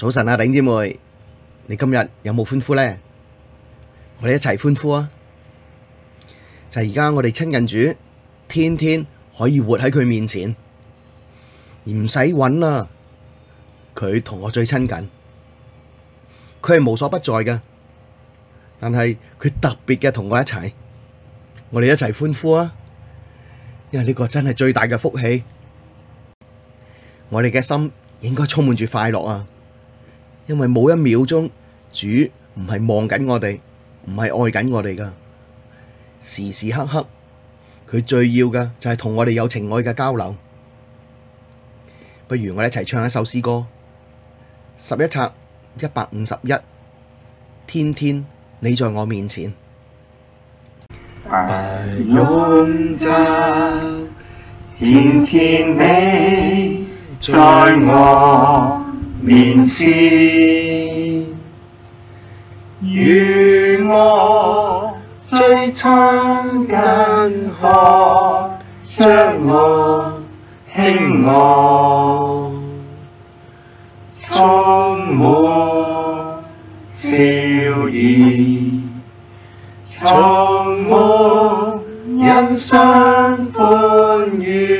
早晨啊，頂姐妹，你今日有冇歡呼咧？我哋一齊歡呼啊！就係而家，我哋親近主，天天可以活喺佢面前，而唔使揾啦。佢同我最親近，佢係無所不在嘅，但係佢特別嘅同我一齊。我哋一齊歡呼啊！因為呢個真係最大嘅福氣，我哋嘅心應該充滿住快樂啊！因為冇一秒鐘，主唔係望緊我哋，唔係愛緊我哋㗎，時時刻刻佢最要嘅就係同我哋有情愛嘅交流。不如我哋一齊唱一首詩歌，十一冊一百五十一，天天你在我面前，不用找，天天你在我。面前與我最親近，看著我、聽我，充滿笑意，充滿欣賞、歡愉。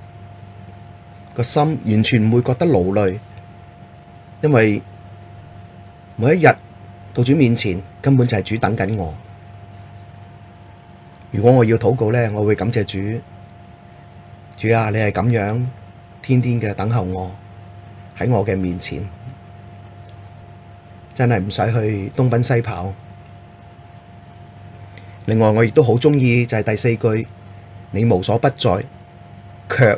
個心完全唔會覺得勞累，因為每一日到主面前，根本就係主等緊我。如果我要禱告咧，我會感謝主。主啊，你係咁樣天天嘅等候我喺我嘅面前，真係唔使去東奔西跑。另外，我亦都好鍾意就係第四句：你無所不在，卻。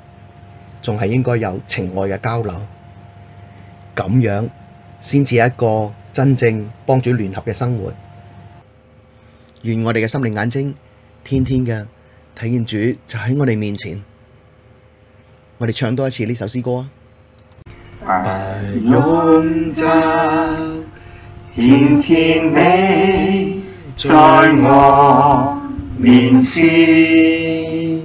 仲係應該有情愛嘅交流，咁樣先至一個真正幫主聯合嘅生活。願我哋嘅心靈眼睛天天嘅體現主就喺我哋面前。我哋唱多一次呢首詩歌啊！不 Bye. 用找，天天你在我面前，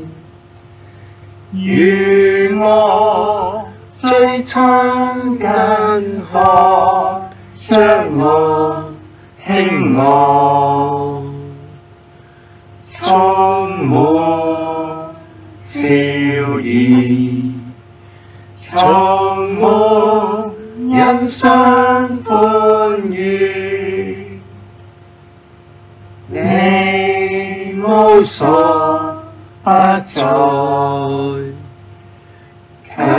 我最親近學，可將我聽我，充滿笑意，充滿欣賞歡愉，你無所不在。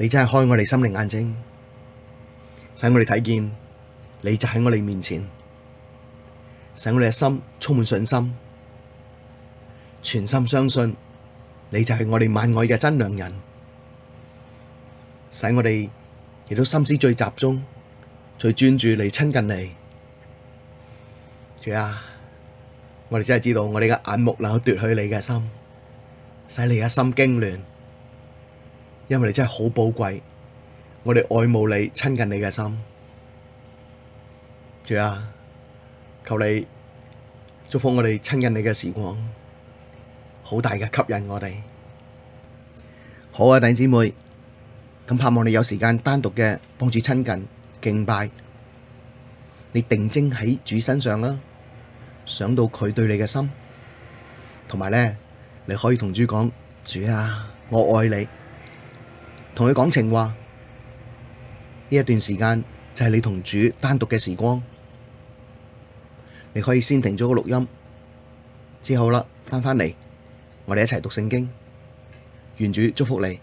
你真係開我哋心靈眼睛，使我哋睇見你就喺我哋面前，使我哋嘅心充滿信心，全心相信你就係我哋萬愛嘅真良人，使我哋亦都心思最集中、最專注嚟親近你。主啊，我哋真係知道我哋嘅眼目能夠奪去你嘅心，使你嘅心驚亂。因為你真係好寶貴，我哋愛慕你、親近你嘅心。主啊，求你祝福我哋親近你嘅時光，好大嘅吸引我哋。好啊，弟兄姊妹，咁盼望你有時間單獨嘅幫主親近敬拜，你定睛喺主身上啦。想到佢對你嘅心，同埋呢，你可以同主講：主啊，我愛你。同佢講情話，呢一段時間就係你同主單獨嘅時光，你可以先停咗個錄音，之後啦翻返嚟，我哋一齊讀聖經。願主祝福你。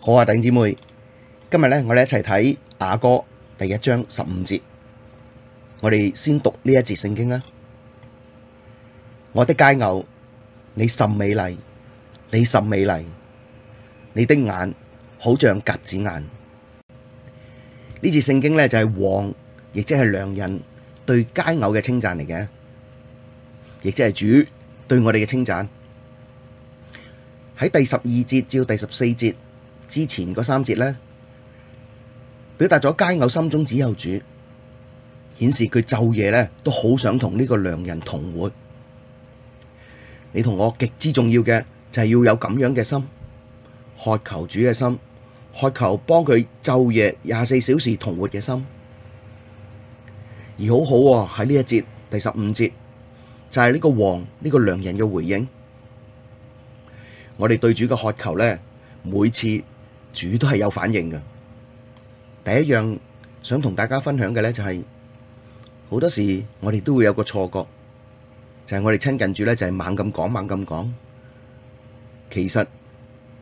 好啊，弟兄姊妹，今日咧我哋一齊睇雅歌第一章十五節，我哋先讀呢一節聖經啊！我的佳偶，你甚美麗，你甚美麗。你的眼好像鴿子眼，呢次聖經呢，就係王，亦即係良人對佳偶嘅稱讚嚟嘅，亦即係主對我哋嘅稱讚。喺第十二節至第十四節之前嗰三節呢，表達咗佳偶心中只有主，顯示佢晝夜呢都好想同呢個良人同活。你同我極之重要嘅就係要有咁樣嘅心。渴求主嘅心，渴求幫佢晝夜廿四小時同活嘅心，而好好喎喺呢一節第十五節就係呢個王、呢個良人嘅回應。我哋對主嘅渴求咧，每次主都係有反應嘅。第一樣想同大家分享嘅咧，就係好多時我哋都會有個錯覺，就係我哋親近主咧，就係猛咁講，猛咁講，其實。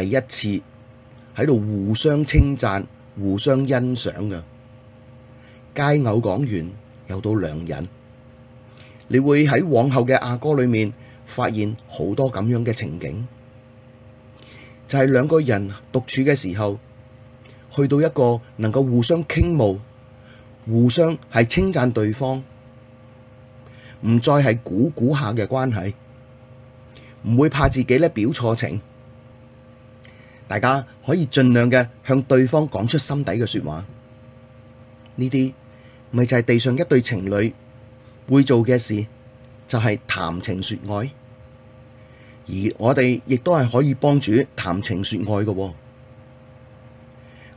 第一次喺度互相稱讚、互相欣賞嘅，佳偶講完，又到良人，你會喺往後嘅雅歌裏面發現好多咁樣嘅情景，就係、是、兩個人獨處嘅時候，去到一個能夠互相傾慕、互相係稱讚對方，唔再係估估下嘅關係，唔會怕自己咧表錯情。大家可以盡量嘅向對方講出心底嘅說話，呢啲咪就係地上一對情侶會做嘅事，就係談情說愛。而我哋亦都係可以幫主談情說愛嘅，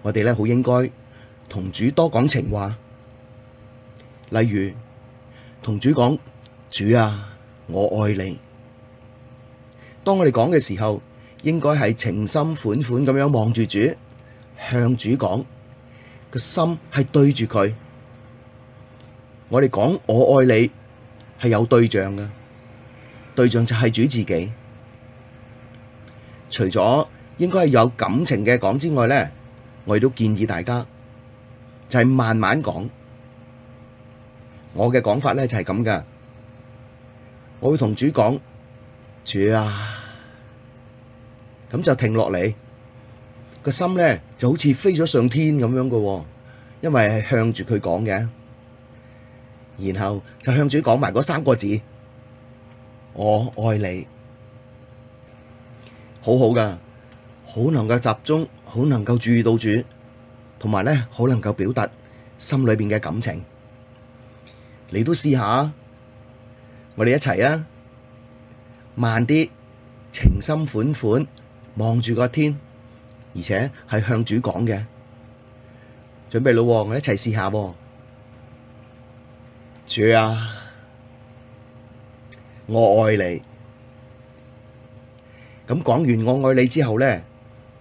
我哋咧好應該同主多講情話，例如同主講，主啊，我愛你。當我哋講嘅時候。應該係情深款款咁樣望住主，向主講，個心係對住佢。我哋講我愛你係有對象噶，對象就係主自己。除咗應該係有感情嘅講之外咧，我亦都建議大家就係慢慢講。我嘅講法咧就係咁噶，我會同主講，主啊！咁就停落嚟，個心咧就好似飛咗上天咁樣噶喎，因為係向住佢講嘅，然後就向住佢講埋嗰三個字：我愛你。好好噶，好能夠集中，好能夠注意到主，同埋咧好能夠表達心裏邊嘅感情。你都試下，我哋一齊啊，慢啲，情深款款。望住個天，而且係向主講嘅，準備咯，我一齊試下。主啊，我愛你。咁講完我愛你之後咧，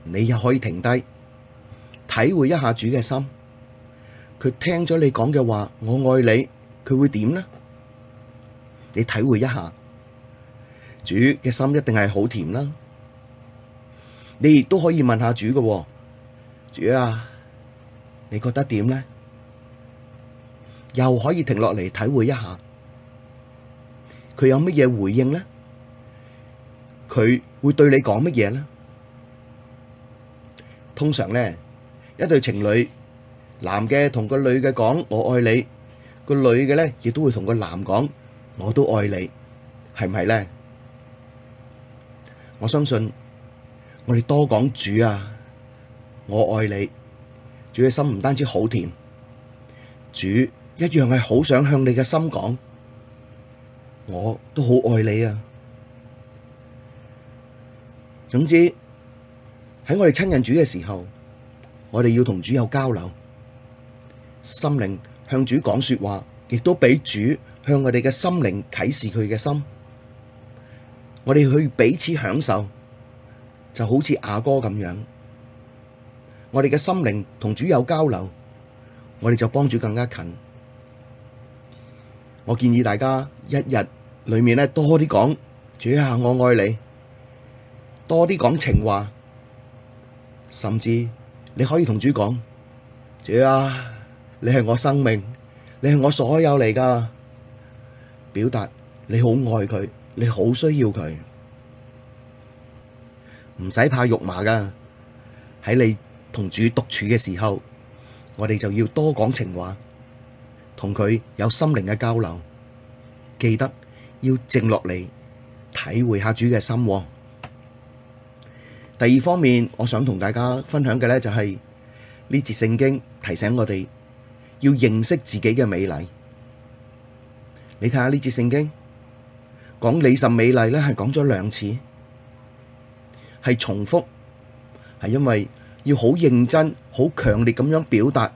你又可以停低，體會一下主嘅心。佢聽咗你講嘅話，我愛你，佢會點呢？你體會一下，主嘅心一定係好甜啦。你亦都可以問下主嘅，哦，主啊，你覺得點咧？又可以停落嚟體會一下，佢有乜嘢回應咧？佢會對你講乜嘢咧？通常咧，一對情侶，男嘅同個女嘅講我愛你，個女嘅咧亦都會同個男講我都愛你，係唔係咧？我相信。我哋多講主啊，我愛你，主嘅心唔單止好甜，主一樣係好想向你嘅心講，我都好愛你啊。總之喺我哋親人主嘅時候，我哋要同主有交流，心靈向主講說話，亦都俾主向我哋嘅心靈啟示佢嘅心，我哋去彼此享受。就好似阿哥咁樣，我哋嘅心靈同主有交流，我哋就幫主更加近。我建議大家一日裏面咧多啲講主啊，我愛你，多啲講情話，甚至你可以同主講，主啊，你係我生命，你係我所有嚟噶，表達你好愛佢，你好需要佢。唔使怕肉麻㗎，喺你同主獨處嘅時候，我哋就要多講情話，同佢有心靈嘅交流。記得要靜落嚟，體會下主嘅心喎。第二方面，我想同大家分享嘅咧就係呢節聖經提醒我哋要認識自己嘅美麗。你睇下呢節聖經講你甚美麗咧，係講咗兩次。係重複，係因為要好認真、好強烈咁樣表達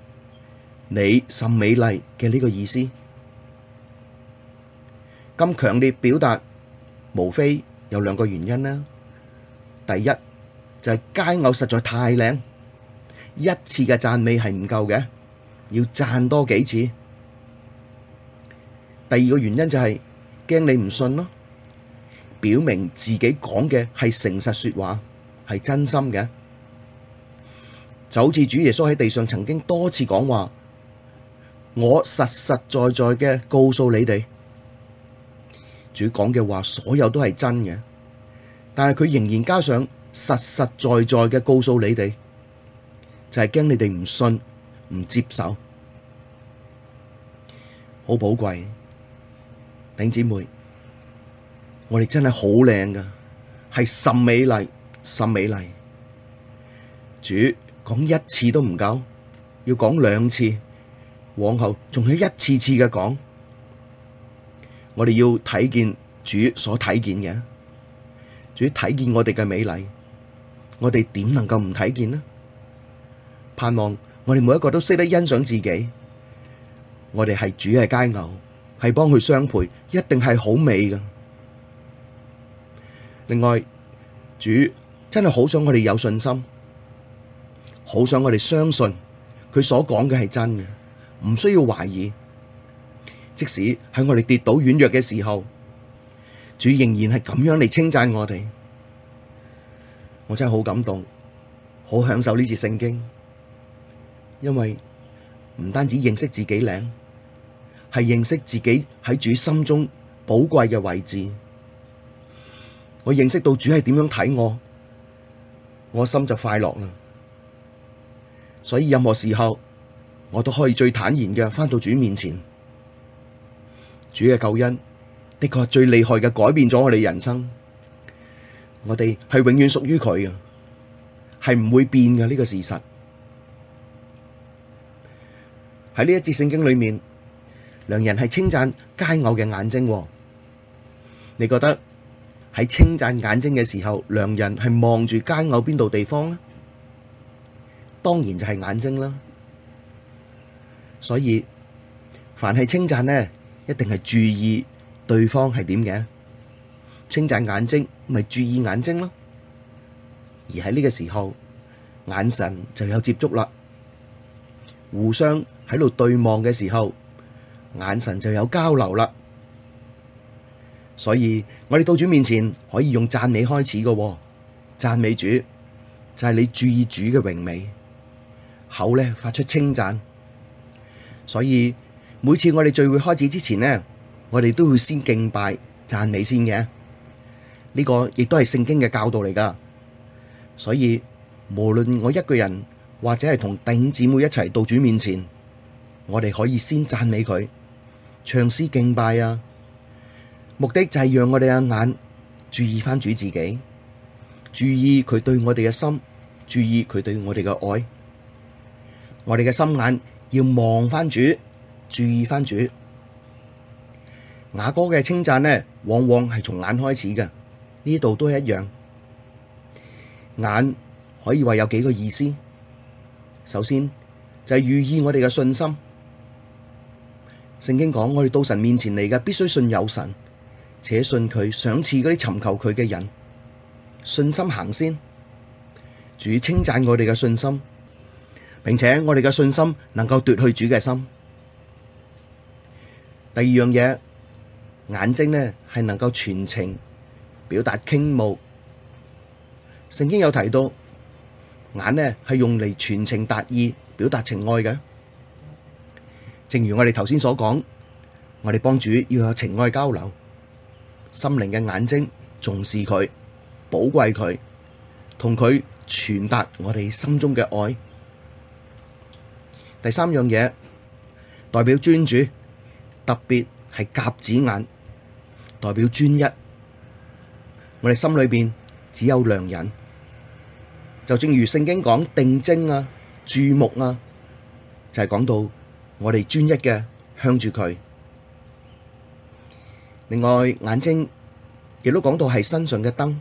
你甚美麗嘅呢個意思。咁強烈表達，無非有兩個原因啦。第一就係佳偶實在太靚，一次嘅讚美係唔夠嘅，要讚多幾次。第二個原因就係驚你唔信咯。表明自己講嘅係誠實說話，係真心嘅，就好似主耶穌喺地上曾經多次講話，我實實在在嘅告訴你哋，主講嘅話所有都係真嘅，但係佢仍然加上實實在在嘅告訴你哋，就係、是、驚你哋唔信唔接受，好寶貴，丁姊妹。我哋真係好靚噶係甚美麗，甚美麗。主講一次都唔夠，要講兩次，往後仲要一次次嘅講。我哋要睇見主所睇見嘅，主睇見我哋嘅美麗，我哋點能夠唔睇見呢？盼望我哋每一個都識得欣賞自己。我哋係主嘅佳偶，係幫佢相陪，一定係好美噶另外，主真係好想我哋有信心，好想我哋相信佢所講嘅係真嘅，唔需要懷疑。即使喺我哋跌倒軟弱嘅時候，主仍然係咁樣嚟稱讚我哋，我真係好感動，好享受呢次聖經，因為唔單止認識自己靚，係認識自己喺主心中寶貴嘅位置。我認識到主係點樣睇我，我心就快樂啦。所以任何時候，我都可以最坦然嘅，翻到主面前。主嘅救恩的確係最厲害嘅，改變咗我哋人生。我哋係永遠屬於佢嘅，係唔會變嘅呢個事實。喺呢一節聖經裏面，良人係稱讚佳偶嘅眼睛。你覺得？喺稱讚眼睛嘅時候，良人係望住佳偶邊度地方咧？當然就係眼睛啦。所以凡係稱讚咧，一定係注意對方係點嘅。稱讚眼睛咪、就是、注意眼睛咯。而喺呢個時候，眼神就有接觸啦。互相喺度對望嘅時候，眼神就有交流啦。所以，我哋到主面前可以用讚美開始噶喎，讚美主就係你注意主嘅榮美，口咧發出稱讚。所以每次我哋聚會開始之前呢，我哋都會先敬拜讚美先嘅。呢個亦都係聖經嘅教導嚟噶。所以無論我一個人或者係同弟兄姊妹一齊到主面前，我哋可以先讚美佢，唱詩敬拜啊！目的就係讓我哋嘅眼注意翻主自己，注意佢對我哋嘅心，注意佢對我哋嘅愛。我哋嘅心眼要望翻主，注意翻主。雅歌嘅稱讚呢，往往係從眼開始嘅，呢度都係一樣。眼可以話有幾個意思，首先就係、是、寓意我哋嘅信心。聖經講，我哋到神面前嚟嘅，必須信有神。且信佢，上次嗰啲尋求佢嘅人，信心行先。主稱讚我哋嘅信心，並且我哋嘅信心能夠奪去主嘅心。第二樣嘢，眼睛呢係能夠全情表達傾慕。聖經有提到眼呢係用嚟全情達意、表達情愛嘅。正如我哋頭先所講，我哋幫主要有情愛交流。心靈嘅眼睛，重視佢，寶貴佢，同佢傳達我哋心中嘅愛。第三樣嘢代表專注，特別係鴿子眼，代表專一。我哋心裏面只有良人，就正如聖經講定睛啊、注目啊，就係、是、講到我哋專一嘅向住佢。另外，眼睛亦都講到係身上嘅燈。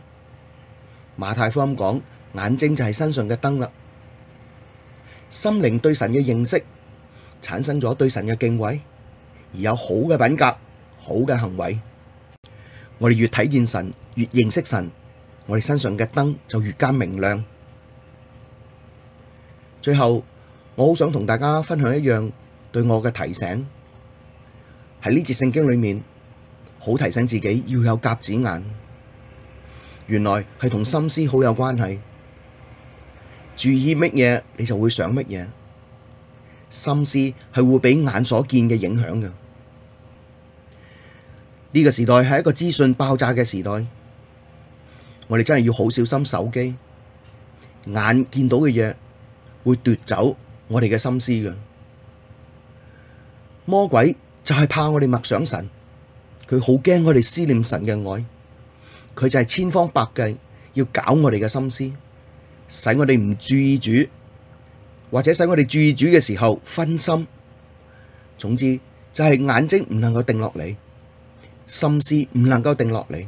馬太福音講眼睛就係身上嘅燈啦。心靈對神嘅認識產生咗對神嘅敬畏，而有好嘅品格、好嘅行為。我哋越睇見神，越認識神，我哋身上嘅燈就越加明亮。最後，我好想同大家分享一樣對我嘅提醒，喺呢節聖經裏面。好提醒自己要有鴿子眼，原來係同心思好有關係。注意乜嘢，你就會想乜嘢。心思係會畀眼所見嘅影響嘅。呢個時代係一個資訊爆炸嘅時代，我哋真係要好小心手機，眼見到嘅嘢會奪走我哋嘅心思嘅。魔鬼就係怕我哋默想神。佢好驚我哋思念神嘅愛，佢就係千方百計要搞我哋嘅心思，使我哋唔注意主，或者使我哋注意主嘅時候分心。總之就係眼睛唔能夠定落嚟，心思唔能夠定落嚟。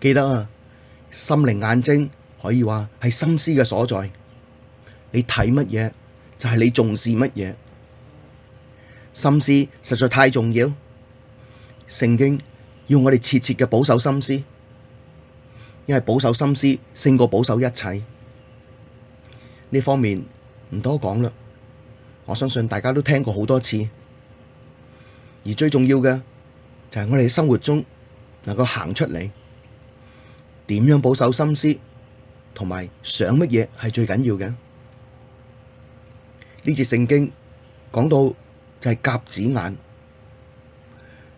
記得啊，心靈眼睛可以話係心思嘅所在。你睇乜嘢就係你重視乜嘢，心思實在太重要。聖經要我哋切切嘅保守心思，因為保守心思勝過保守一切。呢方面唔多講啦，我相信大家都聽過好多次。而最重要嘅就係我哋喺生活中能夠行出嚟，點樣保守心思同埋想乜嘢係最緊要嘅？呢節聖經講到就係鴿子眼。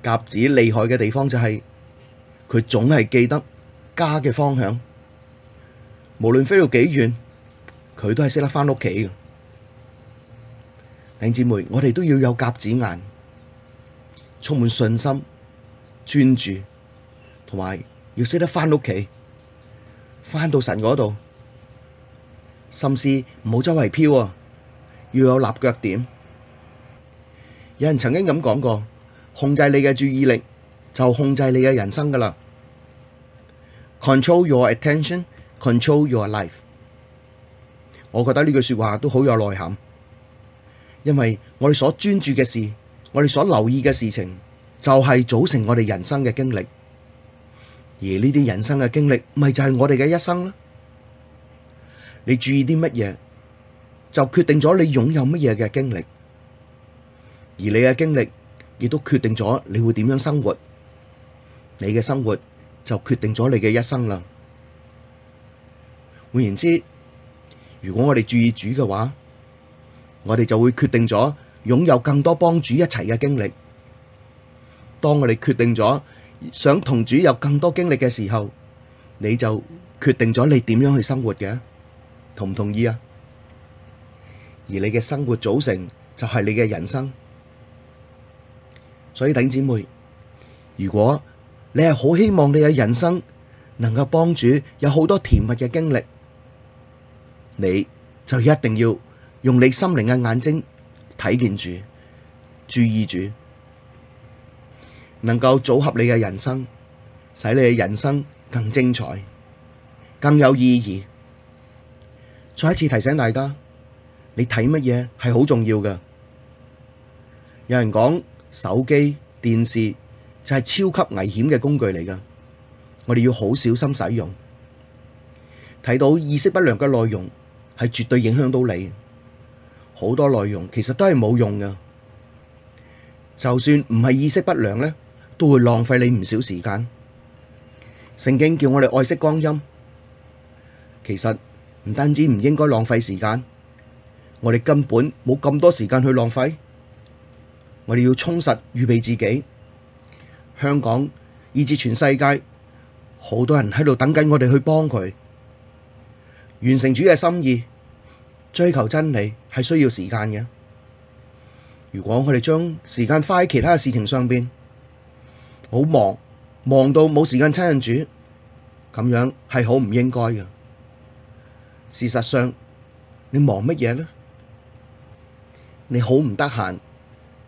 鴿子厲害嘅地方就係，佢總係記得家嘅方向，無論飛到幾遠，佢都係識得翻屋企嘅。弟兄姊妹，我哋都要有鴿子眼，充滿信心、專注，同埋要識得翻屋企，翻到神嗰度，心思唔好周圍飄啊，要有立腳點。有人曾經咁講過。控制你嘅注意力，就控制你嘅人生噶啦。Control your attention, control your life。我覺得呢句說話都好有內涵，因為我哋所專注嘅事，我哋所留意嘅事情，就係組成我哋人生嘅經歷。而呢啲人生嘅經歷，咪就係我哋嘅一生咯。你注意啲乜嘢，就決定咗你擁有乜嘢嘅經歷，而你嘅經歷。亦都決定咗你會點樣生活，你嘅生活就決定咗你嘅一生啦。換言之，如果我哋注意主嘅話，我哋就會決定咗擁有更多幫主一齊嘅經歷。當我哋決定咗想同主有更多經歷嘅時候，你就決定咗你點樣去生活嘅，同唔同意啊？而你嘅生活組成就係你嘅人生。所以弟姐妹，如果你係好希望你嘅人生能夠幫主有好多甜蜜嘅經歷，你就一定要用你心靈嘅眼睛睇見主，注意主能夠組合你嘅人生，使你嘅人生更精彩，更有意義。再一次提醒大家，你睇乜嘢係好重要嘅。有人講。手機、電視就係超級危險嘅工具嚟噶，我哋要好小心使用。睇到意識不良嘅內容，係絕對影響到你。好多內容其實都係冇用噶，就算唔係意識不良咧，都會浪費你唔少時間。聖經叫我哋愛惜光陰，其實唔單止唔應該浪費時間，我哋根本冇咁多時間去浪費。我哋要充實預備自己，香港以至全世界，好多人喺度等緊我哋去幫佢完成主嘅心意，追求真理係需要時間嘅。如果我哋將時間花喺其他嘅事情上面，好忙，忙到冇時間親近主，咁樣係好唔應該嘅。事實上，你忙乜嘢呢？你好唔得閒。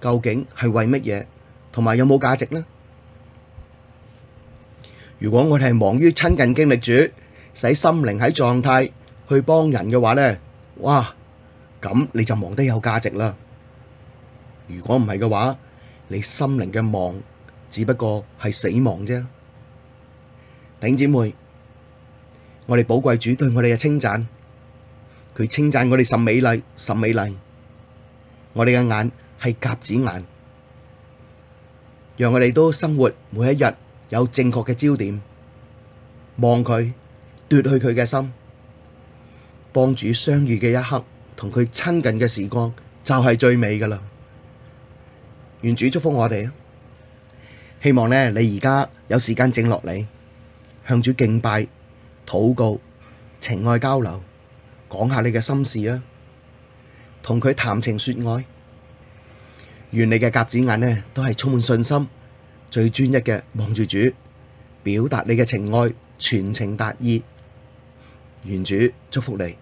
究竟係為乜嘢？同埋有冇價值呢？如果我哋係忙於親近經歷主，使心靈喺狀態去幫人嘅話咧，哇！咁你就忙得有價值啦。如果唔係嘅話，你心靈嘅忙只不過係死亡啫。頂姐妹，我哋寶貴主對我哋嘅稱讚，佢稱讚我哋甚美麗，甚美麗。我哋嘅眼。係鴿子眼，讓我哋都生活每一日有正確嘅焦點，望佢奪去佢嘅心，幫主相遇嘅一刻，同佢親近嘅時光就係最美噶啦。願主祝福我哋，希望咧你而家有時間靜落嚟，向主敬拜、禱告、情愛交流，講下你嘅心事啊，同佢談情說愛。願你嘅鴿子眼呢，都係充滿信心、最專一嘅望住主，表達你嘅情愛，全情達意。願主祝福你。